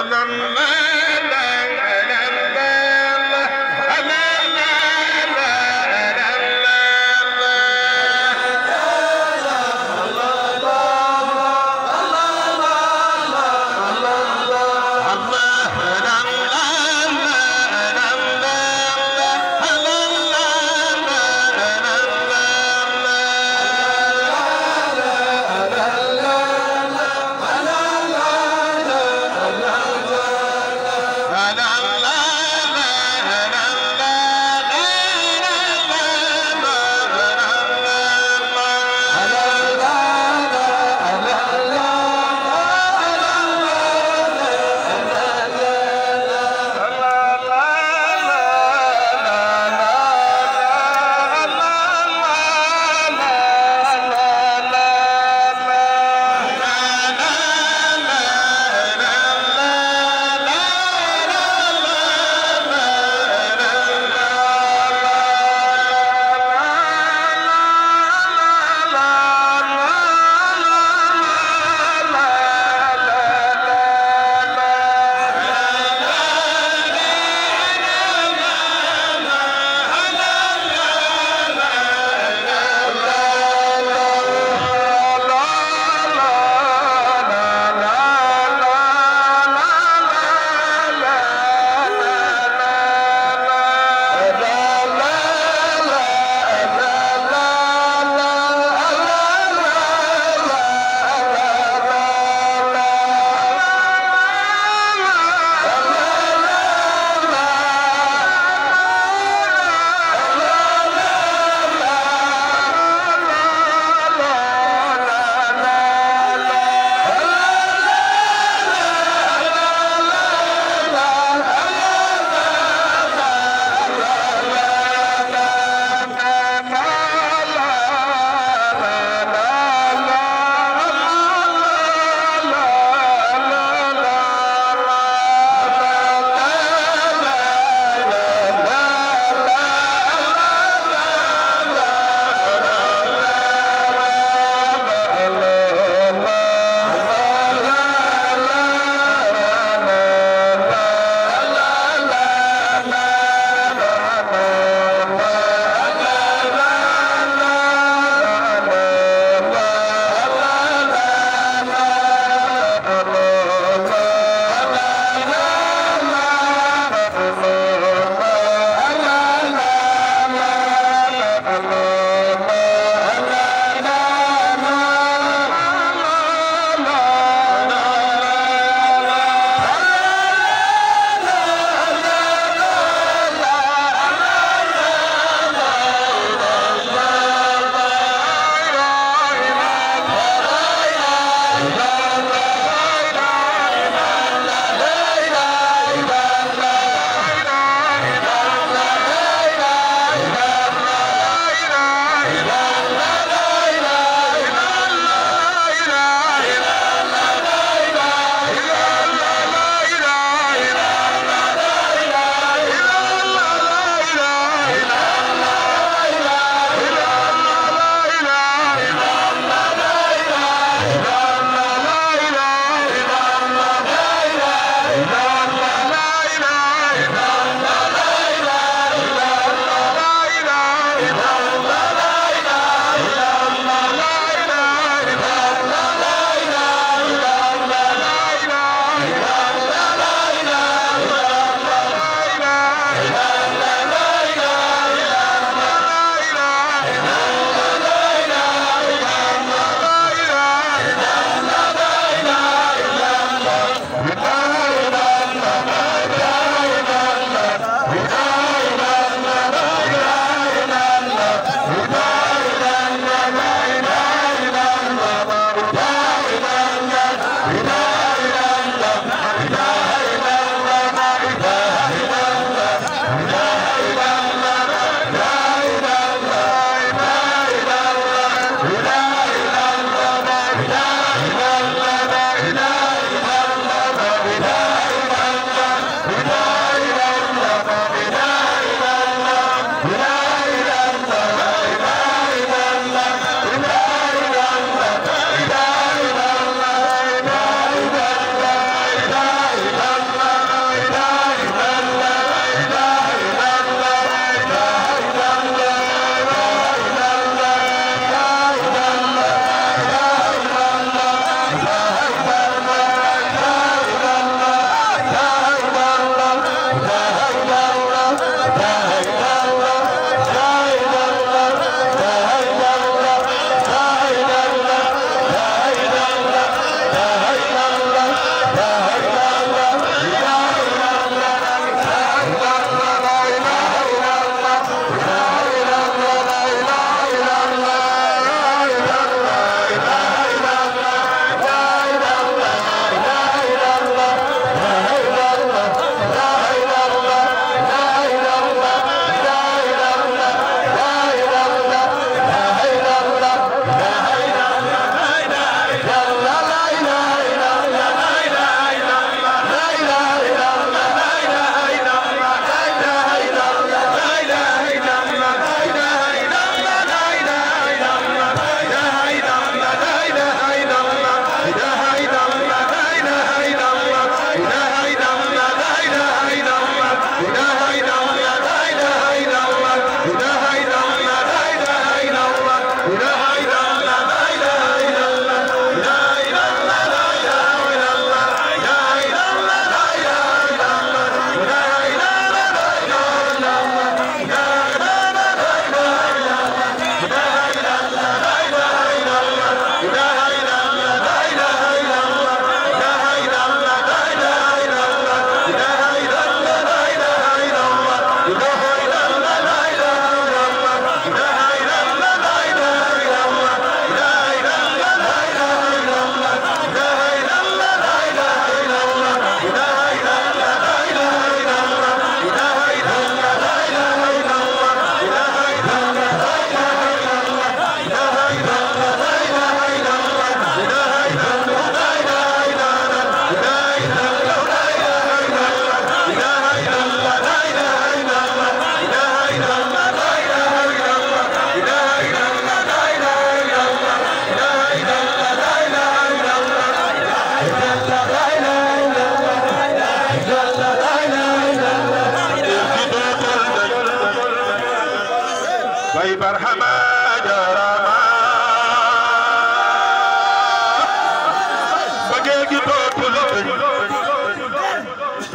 anan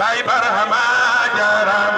bay barahama jaram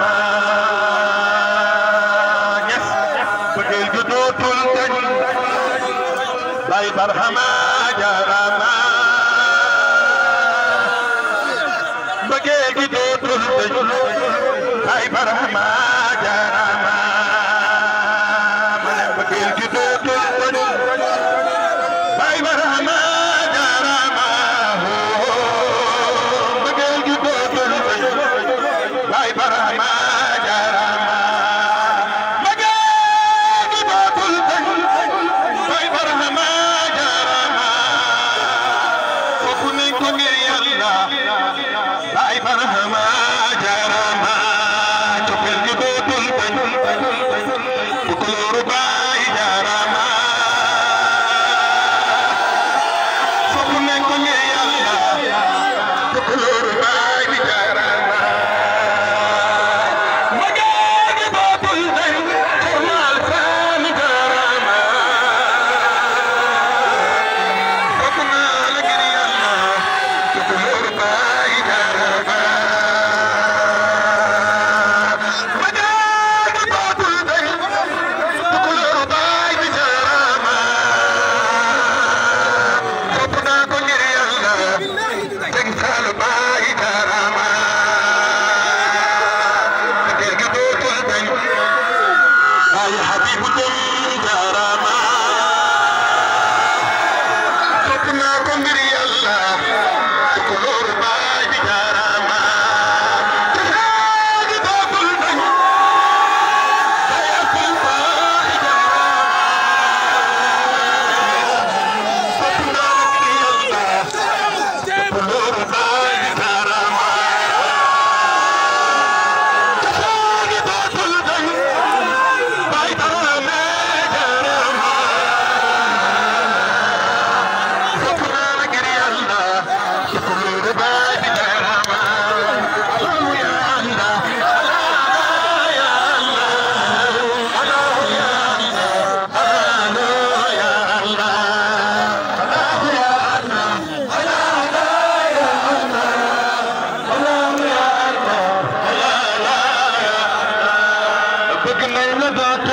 الليل ذات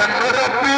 Thank you.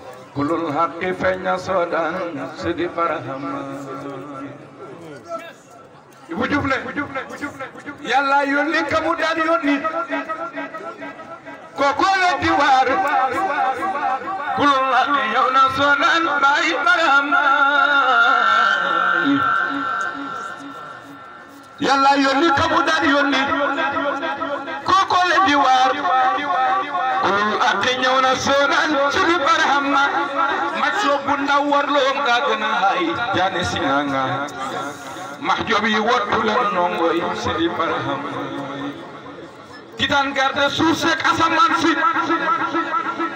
كل الحق فين صدان سيدي برهم bu jub ne yàlla yónni ka mu daan yónni kooku la di waar kul la yow na soo daan bàyyi baram yàlla yónni ka mu daan yónni kooku la di waar atte ñëw na soonan ci di barham ma mat soobu ndaw warloom ga gën a hay jaane sinanga mahjobi wattu la nongoy ci di barham ki daan garde suuf seeg asamaan si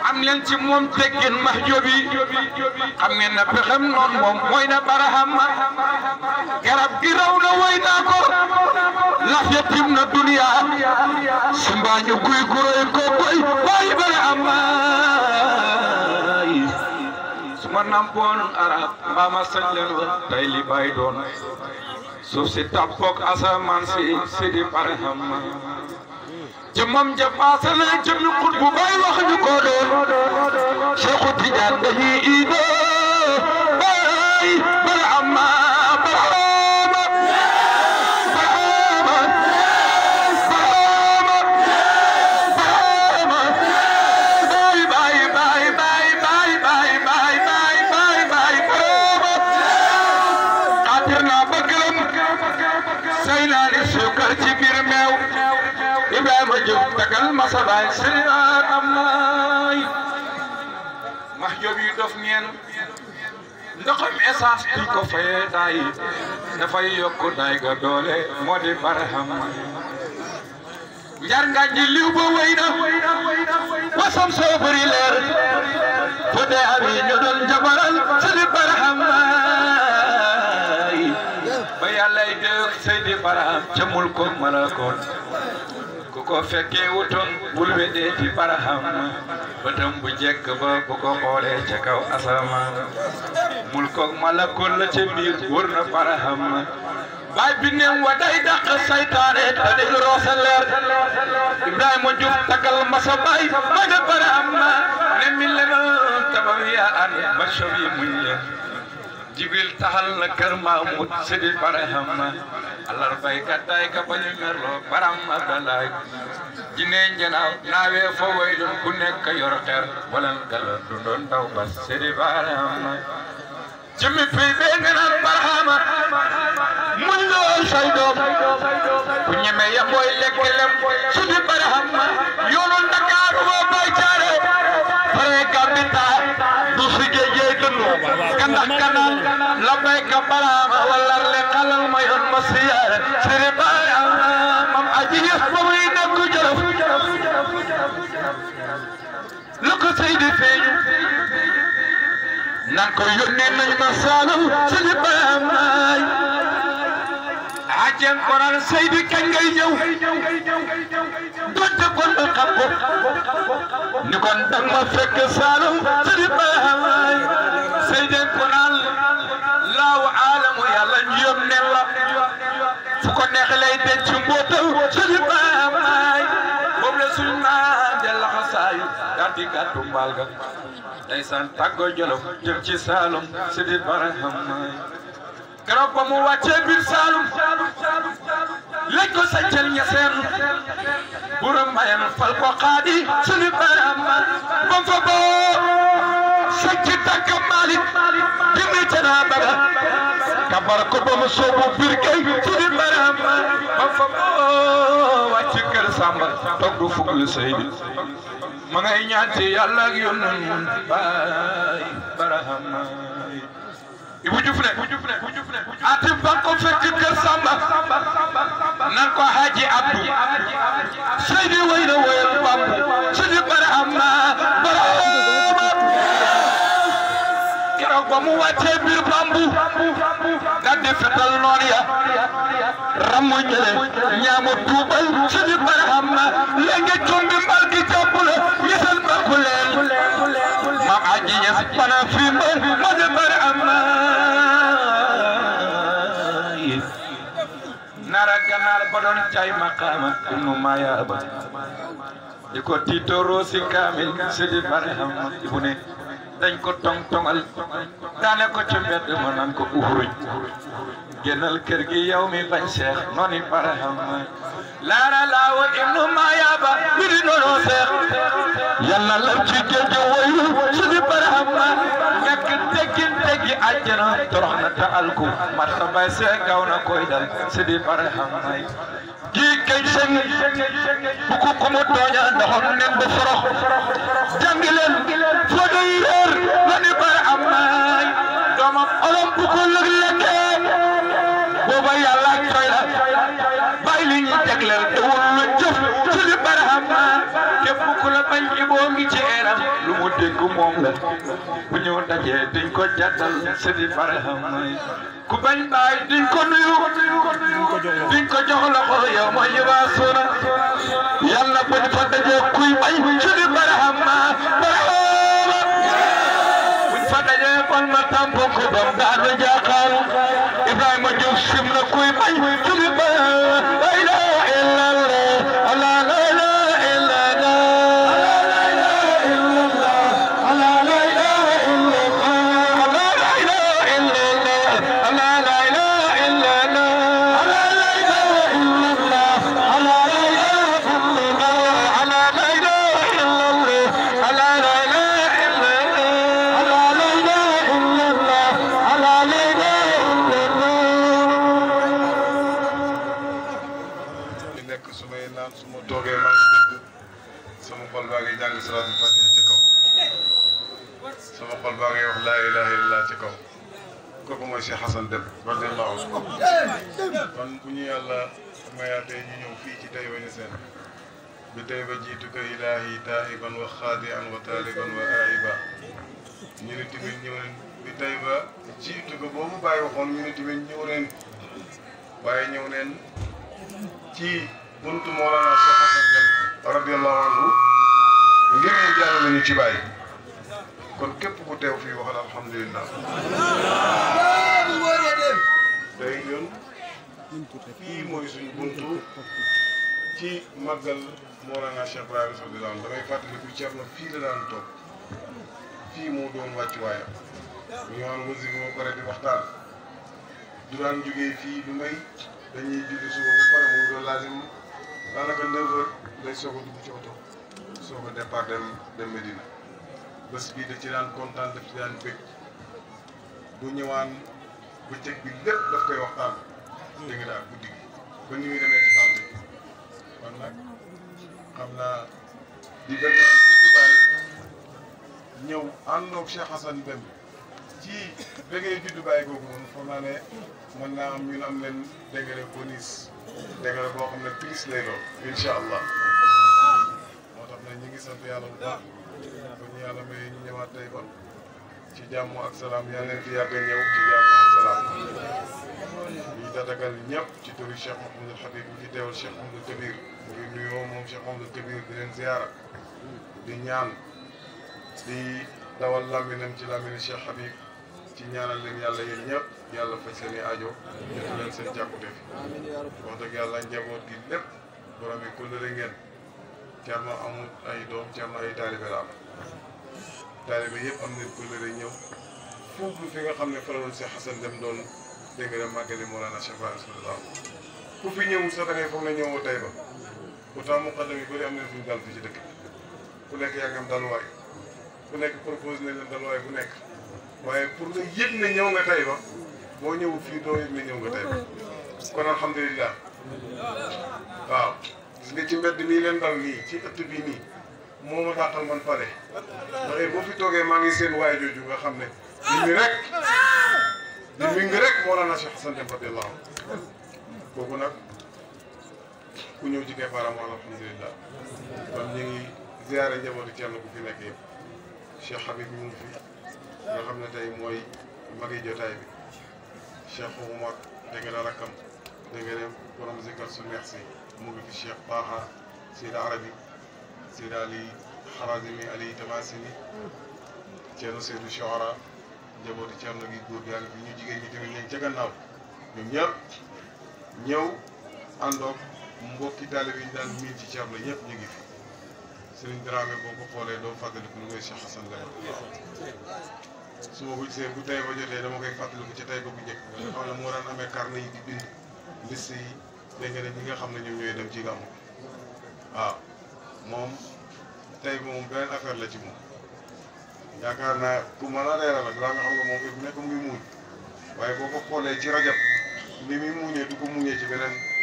am leen ci moom teggin max jobi xam ngeen na pexem noon moom mooy na baraham garab gi raw na woy naa ko lafiya na duniya simbaañu guy guróoy ko boy boy baraham suma nampoon arab mbaama sañ leen wa tay li bay doon suuf si tappook asamaan si si di baraham jëmmam ja maase na jëmmi xut bu bay wax ñu ko doon Cheikhu Tijaan dañuy iidoo bay bala amaa baay sëriñ am naay max job yi dof ngeen ndoxam essence bi ko fayee daay dafay yokk daay ga doole moo baraham njar nga ji liw ba way na wasam soo bëri leer fu dee abi ñu doon jabaral sëriñ baraham naay ba yàllay dee sëriñ baraham ca mul ko malakoon ko fekkee wutoon bul wedeeti baraham bëtam bu jekk ba bu ko xoolee ca kaw asamaan mul koog malakul la ca biir wër na baraham baay bi neem wa day dàq saytaane te di roose leer Ibrahima Diouf tagal masa baay baga baraham ne mi lemal tabawiya an bashawi muñ jibil taxal na kër Maamut Sidi Barahama allarbay gàddaay ka bañu merloo baram Abdalaay jinne njanaaw naawee fo waylun nekk yor xeer walan gala dundoon ndaw ba Sidi Barahama jimmi fii bee nga naan Barahama muñ loo ku ñeme ya mooy lekk Sidi Barahama yoonu ndaka لكنا لبيك برام ولا لقلم ما ينمسيا شربايا مم عجيب فريد كجرف لك سيدي فيني نانكو يوني نجم سالو شربايا ماي ajjem Quran Seydi kañ ngay ñëw donte kon nga xam ko ni kon dang ma fekk Saalum Seydi Baay Seydi Quran laaw aalamu yàlla ñoom ne la fu ko neex lay denc mbootaw Seydi Baay boobu la suñu naan de laxa saayu daal di gàttu mbaal ga ndeysaan tàggoo jolof jëm ci Saalum Seydi keroog ba mu wàccee biir Saalum lañ ko sànceel ñeseen buram mayam fal ko xaadi suñu baram bam fa boo sànci tàkk Malick jëmee ca naa baga kabar ko ba mu soobu biir kay suñu baram bam fa boo wàcc kër Samba toog du fukk lu Seydi ma ngay ñaan ci yàlla ak yónneen baay Barahama Ibou Diouf ne atim ba ko fekk kër Samba nan ko Haji Abdou Seydi way na woyal bambu Seydi Barahama Barahama keroog ba mu wàccee biir bambu gàddi fetal noon ya ramu ñële ñaamu tuubal Seydi Barahama léegi jumbi mbal gi jàppule yësal mbal ku leen aji yasbana fi man madbar amay nara ganaar ba doon cay maqaama ibnu maya ba di ko tiitooroo si kaamil sidi marhama ibne dañ ko tong tongal daane ko ci mbedd ma naan ko uhuruñ génnal kër gi yow mi bañ seex nooni laara laawo ibnu mayaaba miri nono seex yàlla lam ci géej woyu suñu baraham ma ñàkk teggin teggi àjjana torox na ta alku martabay se gaw koy dal sidi baraham may ji kay sëñ bu ko kuma tooña doxon nen ba sorox jàngi leen foo doy réer la ni bu ko lëg lekkee bañ jiboo ngi ceeram lu mu la bu ñu dajee duñ ko jàttal sëriñ Barham ku bañ baay duñ ko nuyu duñ ko jox loxo yow ma yëbaa sona yàlla bu ñu fa dajee kuy bañ sëriñ Barham ma Barham bu ñu fa dajee kon ma tàmpo ko doom daanu jaaxaal Ibrahima Diouf sim na kuy bañ wa xaadian wa taaliban wa aiba ñu ne tamit ñëw leen bi tey jiitu boobu bàyyi waxoon ñu ne tamit waaye ñëw ci buntu Mawlana Cheikh Hasan radiyallahu anhu ngir mu ñu ci bàyyi kon képp ku teew fii waxal alhamdulillah day yoon fii mooy suñu buntu ci màggal Mawlana Cheikh Ibrahima Sow di daan damay fàttaliku Thierno fii la daan toog fii moo doon wàccuwaayam bu ñu waxoon musique bi pare di waxtaan du daan jógee fii du may dañuy julli suba ba pare mu doon laazim daanaka 9 ci oto soog a dem dem Medina bés bii da ci daan kontaan daf ci daan bëgg bu ñëwaan bëccëg bi lépp daf koy waxtaan. dégg nga daal guddi ba ni muy demee. kon nag xam naa di gën a Dubaay ñëw àndoog Cheikh Hassan Deme ci dégré ju Dubaay googu noonu foog naa ne mën naa am ñun am leen dégré bonus dégré boo xam ne plus lay doon incha allah moo tax na ñu ngi sant yàlla bu baax bu ñu yàlla may ñu ñëwaat tey kon ci jàmm ak salaam yàlla leen fi yàgg a ñëw ci ak salaam ñuy tatagal ñëpp ci turi Cheikh Mouhamadul Habib ñu ci teewal Cheikh Mouhamadul Kabir ñuy nuyoo moom Cheikh Mamadou Kabir di leen ziara di ñaan di dawal làmminam ci làmmiñu Cheikh Habib ci ñaanal leen yàlla yéen ñëpp yàlla faj seen i aajo jotu leen seen jàkkuteef wax dëgg yàlla njaboot gi lépp borom yi kóllëre ngeen Thierno amul ay doom Thierno ay taalibe la am taalibe yëpp am nañ kóllëre ñëw foofu fi nga xam ne faral si Xasan dem doon dégg nga dem màggali Mawlana Cheikh Ibrahima ku fi ñëwul sax da ngay foog ne ñëwoo tey ba pourtant muqaddam yu bëri am nañ fu ñu dal ku nekk yaa ngi am dalwaay ku nekk propose nañ leen dalwaay bu nekk waaye pour nga yëg ne ñëw nga tey ba boo ñëwul fii doo yëg ne ñëw nga tey ba kon alhamdulilah waaw gis nga ci mbedd mii leen dal nii ci ëtt bi nii moo ma dàqal man pare ndax boo fi toogee maa ngi seen waay jooju nga xam ne li mi rek li mi ngi rek moo la na Cheikh Hassane Dème radiyallahu kooku nag ku ñëw ci keppaaram alhamdulilah kon ñu ngi ziare njabootu Thierno ku fi nekk yëpp Cheikh Habib mu ngi fi nga xam ne tey mooy magi jotaay bi Cheikh Oumar dégg na rakkam dégg na su neex si mu ngi fi Cheikh Baha Sida Arabi Sida Ali Harazimi Ali Tamasini Thierno Seydou Chouara njabootu Thierno gi góor yaa ngi fi ñu jigéen ñi ñu ngi ca gannaaw ñoom ñëpp ñëw àndoog. mbokki taalibe yi daan miin ci Thiam la ñëpp ñu ngi fi Serigne Dramé boo ko xoolee doo fàttaliku lu mooy Cheikh Hassan Gaye su ma ko gisee bu tey ba jotee dama koy fàttaliku ci tey ba bu njëkk nga moo daan amee carnet yi di bind liste yi dégg nga xam ne ñoom ñooy dem ci gàmmu waaw moom tey moom beneen affaire la ci moom yaakaar naa pour mën a leeral ak Dramé xam nga moom fi nekk mu ngi waaye boo ko xoolee ci rajab ni mu muuñee du ko muuñee ci beneen.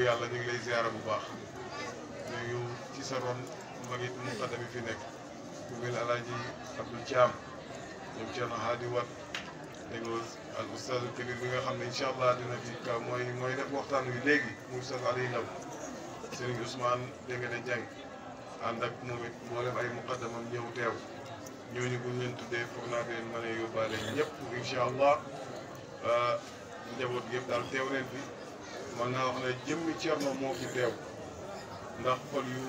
dëggu yàlla ñu ziara bu baax ñu ci sa ron mag it fi nekk ku mel a Abdou Thiam ñoom Thierno Hadi Wat dégg nga al oustaz Kabir xam ne incha allah dina fi ka mooy mooy def waxtaan wi léegi mu oustaz Aliou Ndaw Serigne Ousmane dégg nga ne jàng ànd ak moom it mboolem ay muqaddamam ñëw teew ñooñu bu ñu foog naa leen mën a yóbbaale ñëpp allah ah, njaboot yëpp daal teew leen mën naa wax ne jëmmi Cerno moo fi teew ndax xol yu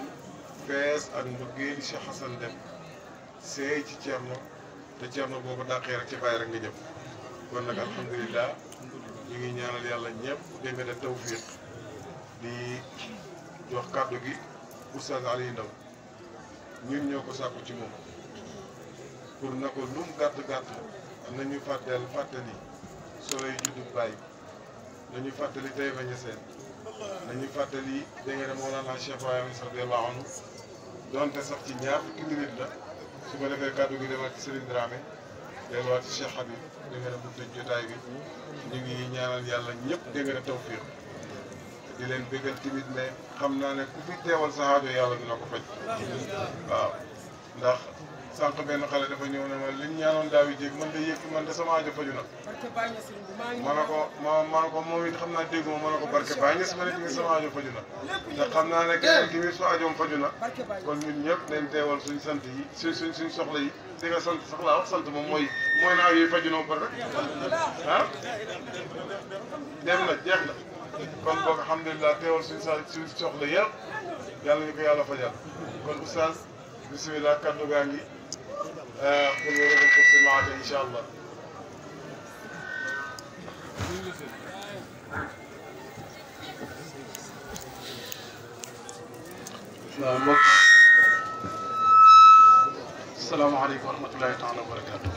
fees ak mbëggeel si Xasan dem seey ci Cerno te Cerno boo ko dàqee rek ci bàyyi rek nga jëm kon nag alhamdulilah ñu ngi ñaanal yàlla ñëpp demee na tawfiq di jox kàddu gi Oustaz Aliou Ndao ñun ñoo ko sàkku ci moom pour na ko lum gàtt gàtt am na ñu fàtteel fàttali soloy juddu bàyyi nañu fàttali Taïba Niassène nañu fàttali dégg nga ne Mawlana Cheikh Ibrahim radiyallahu anhu donte sax ci ñaar fukki la su ko defee kàddu gi demaat ci Serigne Dramé delluwaat ci Cheikh Habib dégg nga bu jotaay bi ñu ngi ñaanal yàlla ñëpp dégg nga ne tawfiq di leen bëggal tamit ne xam naa ne ku fi teewal sa aajo yàlla dina ko faj waaw ndax. sànq benn xale dafa ñëw ne ma liñ ñaanoon daaw yi jéeg man de yëkk man de sama aajo faju na ma ne ko ma ma ne ko moom it xam naa dégguma ma ne ko barke baa ngis ma ne ngi sama aajo faju na te xam naa ne kenn ki mi su aajoom faju na kon ñun ñëpp nañ teewal suñ sant yi suñ suñ suñ soxla yi di nga sant sax laa wax sant moom mooy mooy naaw yi faju na ba pare ah dem na jeex na kon boog alhamdulilah teewal suñ sa suñ soxla yëpp yàlla ñu ko yàlla fajal kon oustaz bisimilah kaddu gaa ngi buluğunun kursu maade inşallah. waaw mbokk salaamaaleykum wa rahmatulahi taala wa barakaatu.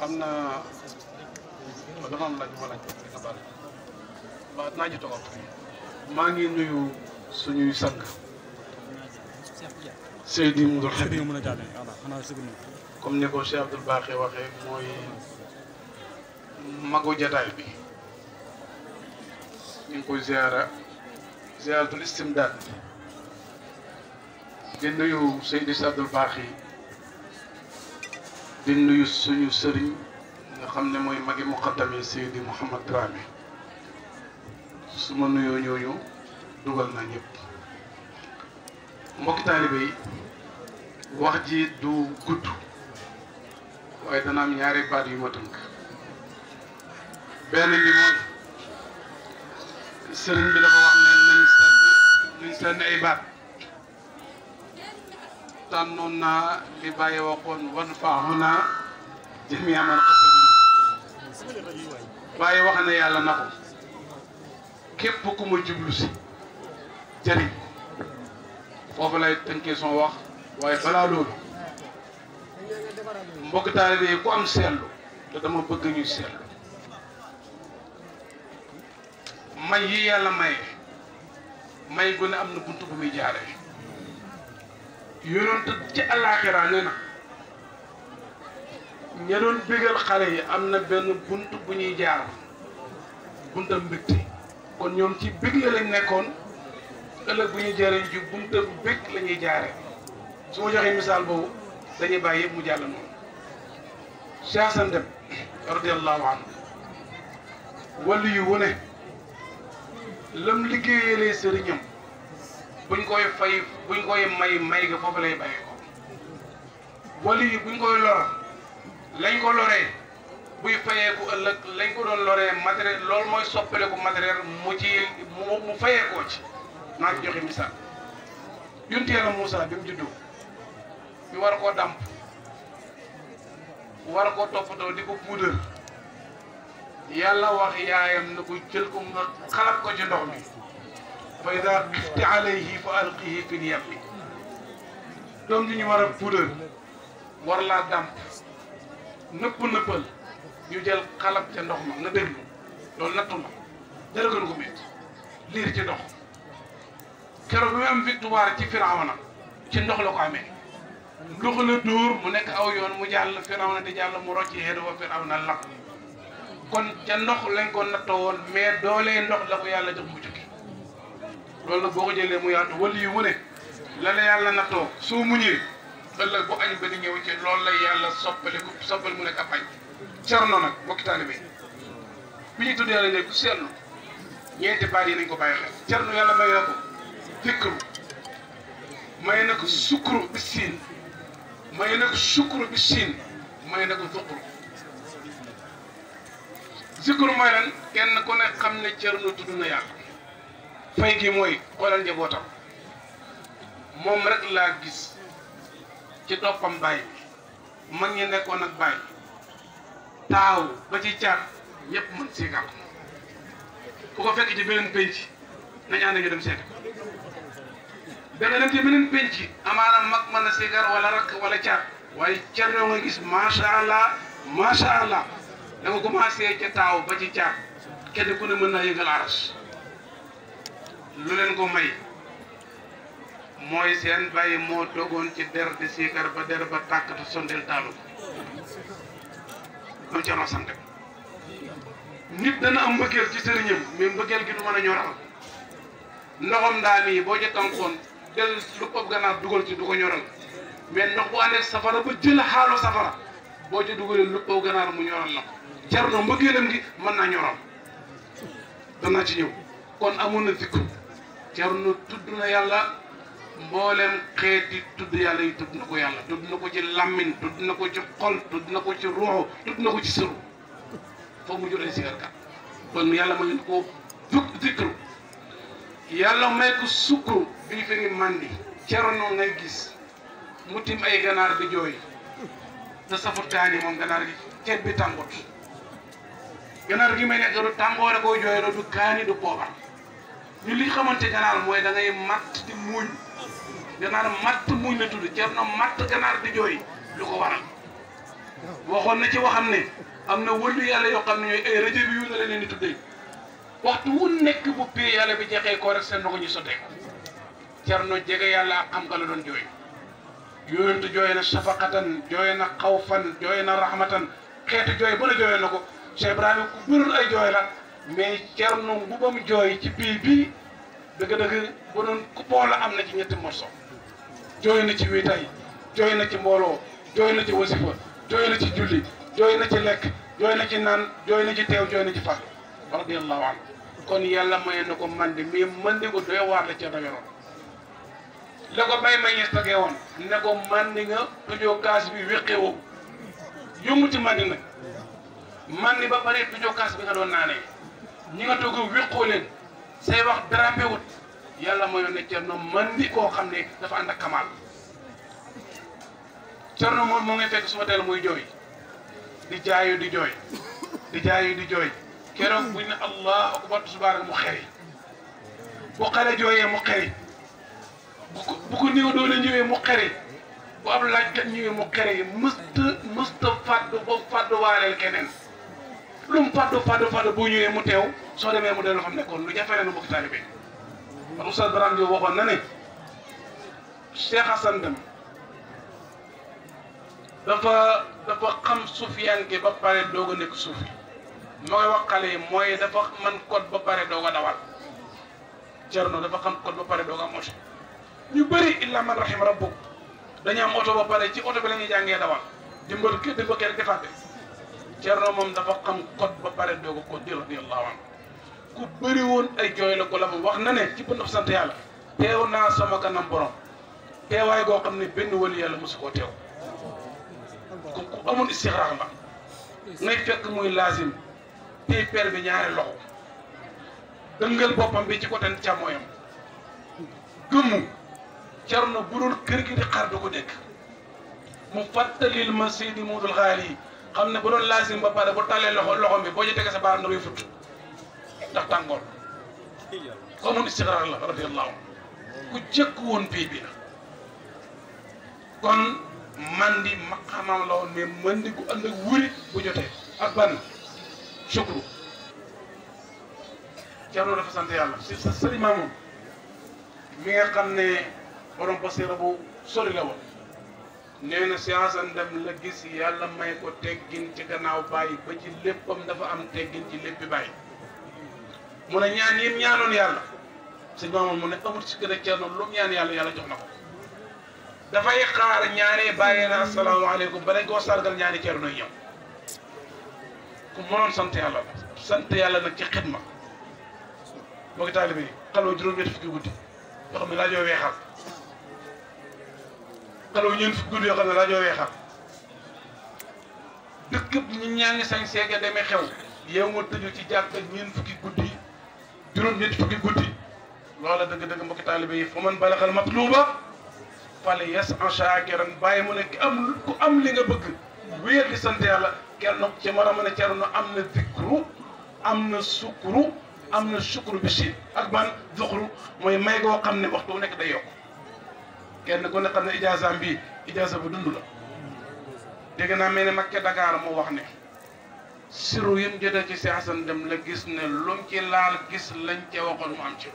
xam naa dama am laaj bu ma laaj maa ngi nuyu. suñuy sang Seydi Moudou Habib comme ni ko Cheikh Abdoul Baaxe waxee mooy magu jataay bi ñu ngi koy ziara ziaratul istimdaad di nuyu Seydi Abdoul Baaxe di nuyu suñu sëriñ nga xam ne mooy magi muqaddam yi Seydi Mouhamad Dramé su nuyoo ñooñu dugal na ñëpp mbokki wax ji du gudd waaye dana ñaari baat yu ma tënk benn bi mooy sëriñ bi dafa wax ne nañ sànni nañ ay baat tànnoon naa li bàyyi waxoon wan faaxu naa jëmee amal bàyyi wax na yàlla na ko képp ku jublu si jëriñ foofu lay tënkee sama wax waaye balaa loolu mbokk taalibe yi ku am seetlu te dama bëgg ñu seetlu may yi yàlla maye may gu ne am na bunt bu jaar jaare yonent ci àllaaxira ne na ña doon bégal xale yi am na benn bunt bu ñuy jaar buntam mbégte kon ñoom ci bégle lañ nekkoon ëllëg bu ñuy jëriñ ji bunte bu bëgg la ñuy jaaree su ma joxee misaal boobu dañuy bàyyi yëpp mu jàll noonu Cheikh Hassane Dème radiyallahu anhu wàllu yu wane lam liggéeyalee sëriñam buñ koy fay buñ koy may may ga foofu lay bàyyi ko wàllu yi buñ koy lor lañ ko loree buy fayeeku ëllëg lañ ko doon loree matériel loolu mooy soppaleku matériel mu ci mu fayeekoo ci maa ngi joxe misaal yonent Yàlla Moussa mu juddoo ñu war koo dàmp war koo toppatoo di ko puudar yàlla wax yaayam na ko jël ko nga xalaat ko ci ndox mi fa idaa xifti alayhi fa alqihi fil yammi doom ji ñu war a puudar war laa dàmp nëpp nëppal ñu jël xalab ca ndox ma nga déglu loolu nattu la dara gën ko liir ci ndox keroog bi mu am victoire ci Firawna ci ndox la ko amee ndox la dóor mu nekk aw yoon mu jàll Firawna di jàll mu rocc yéen wa na lakk kon ca ndox lañ ko nattoo woon mais doolee ndox la ko yàlla jox mu jukki loolu boo ko jëlee mu yaatu wala yu mu ne la la yàlla nattoo soo muñee ëllëg bu añ ba di ñëw ci loolu lay yàlla soppali ko mu nekk ab añ cerno nag mbokki taalibe bi ñuy tudd yàlla yi nañ ko bàyyi xel cerno yàlla may na ko fikru may na ko sukru bi siin may na ko sukru bi siin may na ko zukru zikru mooy kenn ku ne xam ne Cerno tudd na yàlla fay gi mooy xoolal njabootam moom rek laa gis ci toppam bàyyi mag ñi nekkoon ak bàyyi taaw ba ci car ñëpp mën siikal ku ko fekk ci beneen pays nañ ànd ngi dem seeti dana dem ci beneen penc amaana mag mën a sigar wala rakk wala car waaye car yoo nga gis macha allah macha allah da nga commencé ca taaw ba ci car kenn ku ne mën naa yëngal lu leen ko may mooy seen bàyyi moo dogoon ci der di siikar ba der ba tàkkatu sondeel taalu nit dana am mbëggeel ci sëriñam mais mbëggeel gi du mën a ñoral ndoxam daa nii boo ci tànkoon dellu lu ëpp ci du ko ñoral mais ndox bu àndee safara ba jël xaalu safara boo ci dugalee ganaar mu ñoral na ko jar na mbëggeelam gi mën naa ñoral danaa ci ñëw kon amoon na zikr jar na tudd na yàlla mboolem xeeti tudd yàlla yi tudd na ko yàlla tudd na ko ci làmmiñ tudd na ko ci xol tudd na ko ci ruuxu tudd na ko ci sëru foofu mu jot ay sikarkat kon yàlla ma leen ko zikru yàlla ma ko sukku bi firi màndi cerono ngay gis mu tim ay ganaar di jooy te safut moom ganaar gi ceeb bi tàngoot ganaar gi may nekk du tàngoor a koy jooy du kaani du poobar ñu li xamante ganaar mooy dangay ngay matt di muuñ ganaar matt muuñ la tudd cerono matt ganaar di jooy lu ko waral waxoon na ci waxam ne am na wëllu yàlla yoo xam ne ñooy ay rajab yu la leen di tuddee waxtu wu nekk bu pire yàlla bi jeexee koo rek seen ko ñu sottee ko Cerno jege yàlla xam nga la doon jooy yonentu jooy na safaqatan jooy na xawfan jooy na rahmatan xeetu jooy ba la jooy na ko Cheikh Ibrahima ku gërul ay jooy la mais Cerno mbubam jooy ci bii bii dëgg-dëgg bu doon ku boola am na ci ñetti morso jooy na ci wéetaay jooy na ci mbooloo jooy na ci wasifa jooy na ci julli jooy na ci lekk jooy na ci naan jooy na ci teew jooy na ci far kon yàlla maye na ko mandi mais mandi ko doy waar la ca daganoon la ko bay ma ñes tagee woon ne ko mandi nga tujoo kaas bi wéqewoo yomb ci mandi nag mandi ba pare tujoo kaas bi nga doon naanee ñi nga togg wéqoo leen say wax drapé wut yàlla mayoon ne cerno mandi koo xam ne dafa ànd ak kamaal cerno moom moo ngay fekk suma teel muy jooy di jaayu di jooy di jaayu di jooy keroog buñ ne allahu akbar subhaana mu xëy bu xale jooyee mu xëy bu ko bu ko néew doole ñëwee mu xëy bu ab laajkat ñëwee mu xëy mësta mësta fàddu ba fàddu waaleel keneen lu mu fàddu fàddu fàddu boo ñëwee mu teew soo demee mu dellu fa mu nekkoon lu jafe lu bokk taalibe bi Oustaz Barham Diop waxoon na ne Cheikh Hassan Deme dafa dafa xam suufiyanke ba pare doog a nekk suufi ma wax xale yi mooy dafa man code ba pare doog a dawal Thierno dafa xam code ba pare doog a am ñu bëri illa man rahim rabbuk dañu am oto ba pare ci oto bi la ñuy jàngee dawal dimbal kii dimbal kii rek Thierno moom dafa xam code ba pare doog a ko di radiyallahu anhu ku bëri woon ay jooy la ko la wax na ne ci bëndaf sant yàlla teew naa sama kanam borom teewaay goo xam ne benn wali yàlla mosu koo teew ku amoon istixraar la ngay fekk muy téye per bi ñaari loxo dëngal boppam bi ci côté càmmooyam gëmmu Cerno bu dul kër gi di xaar du ko dégg mu fàttalil ma Seydi Muudul Xaali yi xam ne bu doon laasim ba pare bu talee loxo loxom bi boo sa baaraam da koy ndax tàngoor la radiyallaahu ku jëkk woon bii bi la kon mandi la woon mais mandi ku ànd wuri bu jotee ak ban sukuru Thierno dafa sant yàlla si sa sëriñ Mamoun mi nga xam ne borom basira bu sori la woon na science ndem la gis yàlla may ko teggin ci gannaaw bàyyi ba ci léppam dafa am teggin ci léppi bàyyi mu ne ñaan yim ñaanoon yàlla sëñ Mamoun mu ne amul si gën a Thierno lu mu ñaan yàlla yàlla jox na ko dafay xaar ñaanee bàyyi na asalaamaaleykum ba dañ koo sargal ñaari Thierno ñëw. ku mënoon sant yàlla sant yàlla nag ci xidma moo ngi taalibe yi xaloo juróom-ñetti fukki guddi yoo xam ne laajoo weexal xaloo ñeent yoo xam ne laajoo weexal dëkk ñi ñaa ngi sañ seega demee xew yow nga tëju ci jàkk ñeent fukki guddi juróom-ñetti fukki guddi loola dëgg-dëgg mbokki taalibe yi fa man balaxal matluuba fale yes en shakiran bàyyi mu ne am ku am li nga bëgg wéer sant yàlla kenn ci mën a mën am na dikru am na sukru na sukru bi mooy may goo xam ne waxtu nekk da yokk kenn ku ne xam ne bi ijaasa bu dund la dégg naa mel ne Makke Dakar moo wax ne siru yim jotee ci si dem la gis ne lum ci laal gis lañ ca waxoon mu am ci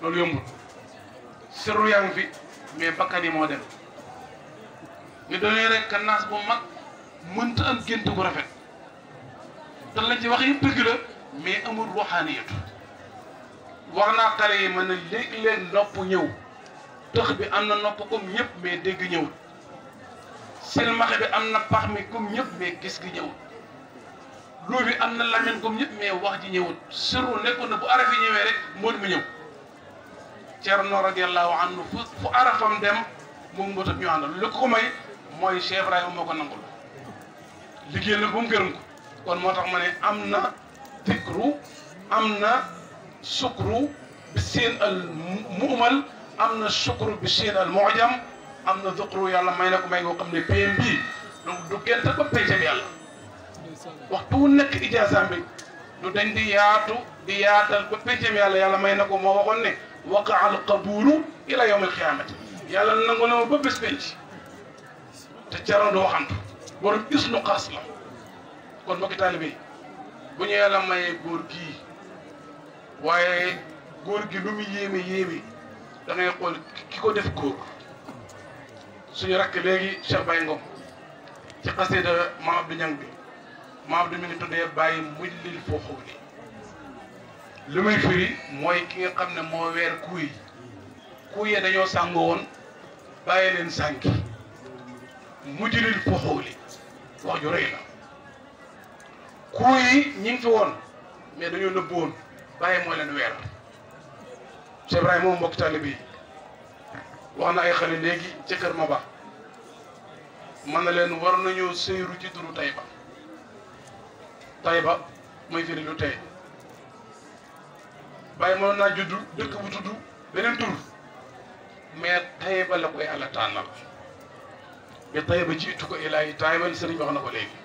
loolu yombul siru yaa fi mais bakkan moo dem ñu doonee rek naas bu mag mënta am gént ko rafet te lañ ci wax yëpp dëgg la mais amul ruuxaaniyatu wax naa xale yi mën na léeg-léeg nopp ñëw tëx bi am na nopp comme ñëpp mais dégg ñëwut silmaxe bi am na pax mi comme ñëpp mais gis gi ñëwut loo bi am na lamen comme ñëpp mais wax ji ñëwut sirru nekkoon na bu araf yi ñëwee rek mboot mu ñëw Cerno radiyallahu anhu fu fu arafam dem moom mbootam ñu àndal li ko may mooy Cheikh moo ko nangul liggéey na ba mu gërëm kon moo tax ma ne am na fikru am na sukru bi seen al muumal am na sukru bi seen al mojam am na duqru yàlla may na ko may goo xam ne pm bii donc du gënte ba paytam waxtu nekk ijaasaam nu du dañ di yaatu di yaatal ba péncam yàlla yàlla may na ko moo waxoon ne waqa al qabuulu ila yawm al qiyaamati yàlla nangu na ma ba bés penc te caroon waxantu borom isnu xaas la kon mbokki taalibe yi bu ñu yàlla mayee góor gii waaye góor gi lu mu yéeme yéeme da xool ki ko def góor suñu rakk léegi Cheikh Baye Ngom ci xasida Maam Abdou Niang bi Maam Abdou mi ngi tuddee Baye Mullil Foxooli li muy firi mooy ki nga xam ne moo weer kuuy kuuy dañoo sàngoo woon bàyyi leen sànki mujjlil Foxooli wax ju rëy la kuu yi fi woon mais dañoo nëbbu woon bàyyi mooy leen weer Cheikh Ibrahima moom mbokk taalibe yi wax na ay xale léegi ci kër ma ba man na leen war nañoo sëyru ci duru Tayba ba mooy firi lu tey bàyyi mënoon naa juddu dëkk bu tudd beneen tur mais Tayba la koy àlla tànnal bi Taïba jiitu ko ilaa yi Taïba sëriñ seen wax na ko léegi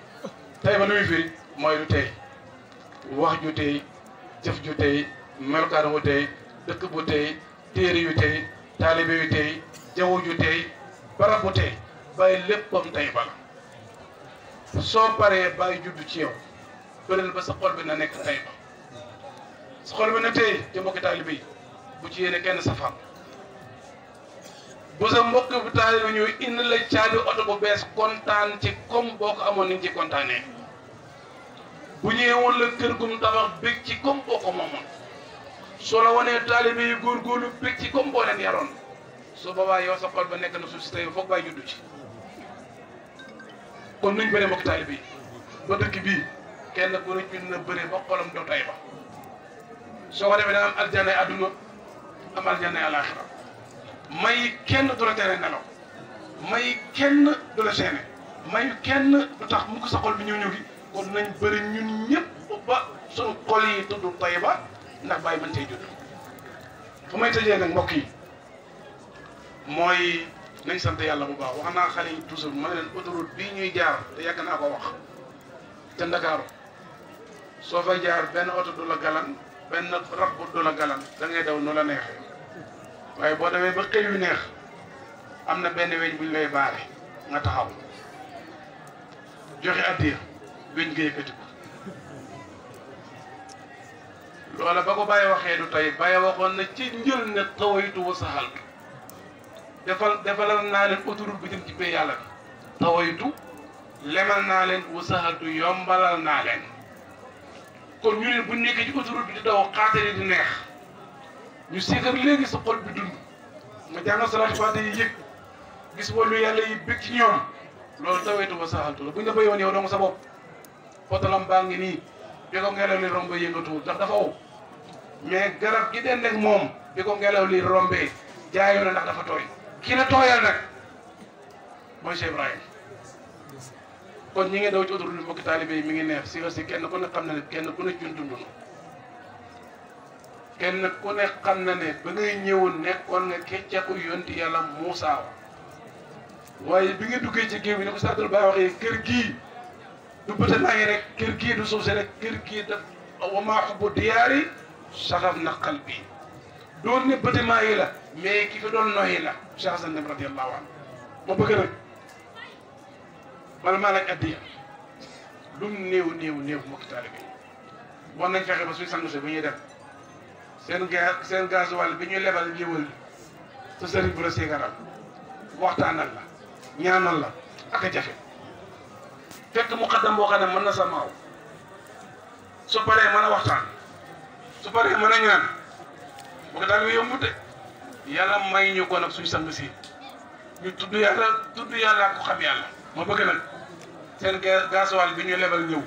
Taïba lu muy firi mooy lu tey wax ju tey jëf ju tey melokaan wu tey dëkk bu tey téere yu tey taalibe yu tey jaww ju tey barab bu tey bàyyi léppam Taïba la soo paree bàyyi juddu ci yow bëreel ba sa xool bi na nekk Taïba sa xol bi na tey te mbokki taalibe yi bu ci yéene kenn safar bu sa mbokk bu taalibe ñëw indi la caabi oto bu bees kontaan ci comme boo ko amoon ni ñu ci kontaanee bu ñëwee woon la kër gum tabax bég ci comme boo ko moomoon soo la wanee taalibe yu góorgóorlu bég ci comme boo leen yaroon su boobaa yow sa xol ba nekk na suuf si tey foog bàyyi juddu ci kon nuñ bëree mbokk taalibe ba dëkk bii kenn ku rëcc na bëree ba xolam doo tay ba soo ko defee dana am àdduna adduna am aljanay alaxira may kenn du la tere nelaw may kenn du la seene may kenn du tax mu sa xol bi ñëw ñu gi kon nañ bëri ñun ñëpp ba suñu xol yi tudd Tayba ndax bàyyi mën ci judd fu may tëjee nag mbokk yi mooy nañ sant yàlla bu baax wax naa xale yi toujours ma ne leen autoroute bii ñuy jaar te yàgg naa ko wax Ndakaaru soo fa jaar benn oto du la galan benn rab du la galan da ngay nu la neexee waaye boo demee ba xëy neex am na benn weñ bu ñu lay baare nga taxaw joxe addiya weñ nga yëkkati ko loola ba ko bàyyi waxee du tey bàyyi waxoon na ci njël ne tawaytu wa defal defalal naa leen autoroute bu jëm yàlla bi tawaytu lemal naa leen wa yombalal naa leen kon ñu ne bu nekkee ci autoroute bi daw xaatale di neex ñu siikar léegi sa xol bi dund nga jàngal salaatu faatiha yi yëg gis wàllu yàlla yi bëgg ci ñoom loolu tawetu ba saxaltu la buñ la béyoon yow dong sa bopp potalam baa ngi nii bi ko ngelaw li rombe yëngatuwul dafa wow mais garab gi den nekk moom bi ko ngelaw li rombee jaayu na ndax dafa tooy kii la tooyal nag mooy Cheikh Ibrahima kon ñi ngi daw ci autoroute mbokki taalibe yi mi ngi neex si aussi kenn ku ne xam na ne kenn ku ne junj dund na kenn ku nekk xam na ne ba ngay ñëwoon nekkoon nga keccaku yonti yàlla Muusaa wa waaye bi nga duggee ci géew bi ne ko Sadul Ba waxee kër gi du bët naa ngi rek kër gii du suuf si rek kër gii daf wamaa xubbu diyaari saxaf na xal bii doon ne bâtiment la mais ki fi doon noyyi la Cheikh Hassan Deme radiyallahu anhu bëgg nag bala maa laaj addiya lum néew néew néew mbokki taalibe war nañ fexe ba suñu sangu si bu ñuy def seen ga seen gasoil bi ñuy lebal jëwal sa sëriñ bu la siikaral waxtaanal la ñaanal la ak a jafe fekk mu xaddam boo xam ne mën na sa maaw su paree mën a waxtaan su paree mën a ñaan bu ko daal yomb de yàlla may ñu ko nag suñ sang ñu tudd yàlla tudd yàlla ko xam yàlla ma bëgg nag seen gasoil bi ñuy lebal ñëw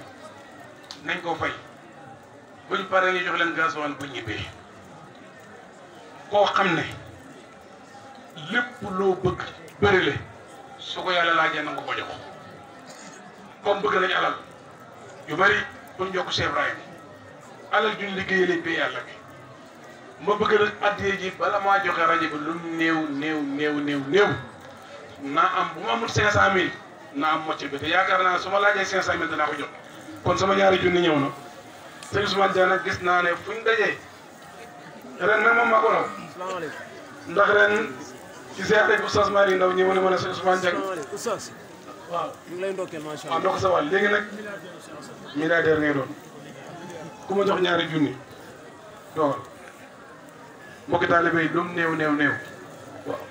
nañ koo fay buñ paree ñu jox leen gasoil bu ñibbee koo xam ne lépp loo bëgg bërile su ko yàlla laajee na nga ko jox comme bëgg nañu alal yu bari pour ñu yokk Cheikh Ibrahima alal duñ liggéeyee lañ bee yàlla bi ma bëgg nag addiyee ji bala maa joxe rajo bi lu néew néew néew néew néew naa am bu mu amut cinq cent mille naa am bi te yaakaar naa su ma laajee cinq cent mille danaa ko jot kon sama ñaari junni ñëw na sëñ Ousmane gis naa ne fuñ dajee ren nag moom maa ko ndax ren ci seex rek oustaz Mari Ndaw ñëw na ma ne sa Ousmane Diagne waaw ñu ngi lay ndokkeel macha sa wàll léegi nag milliardaire ngay doon ku ma jox ñaari junni dool mbokki taalibe yi doomu néew néew néew waaw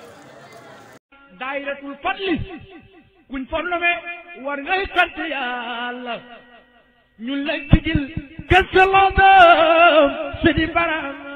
daayiratul fadli kuñ fornome war ngay sant yàlla ñun lay tijil gëstaloodam sidi baram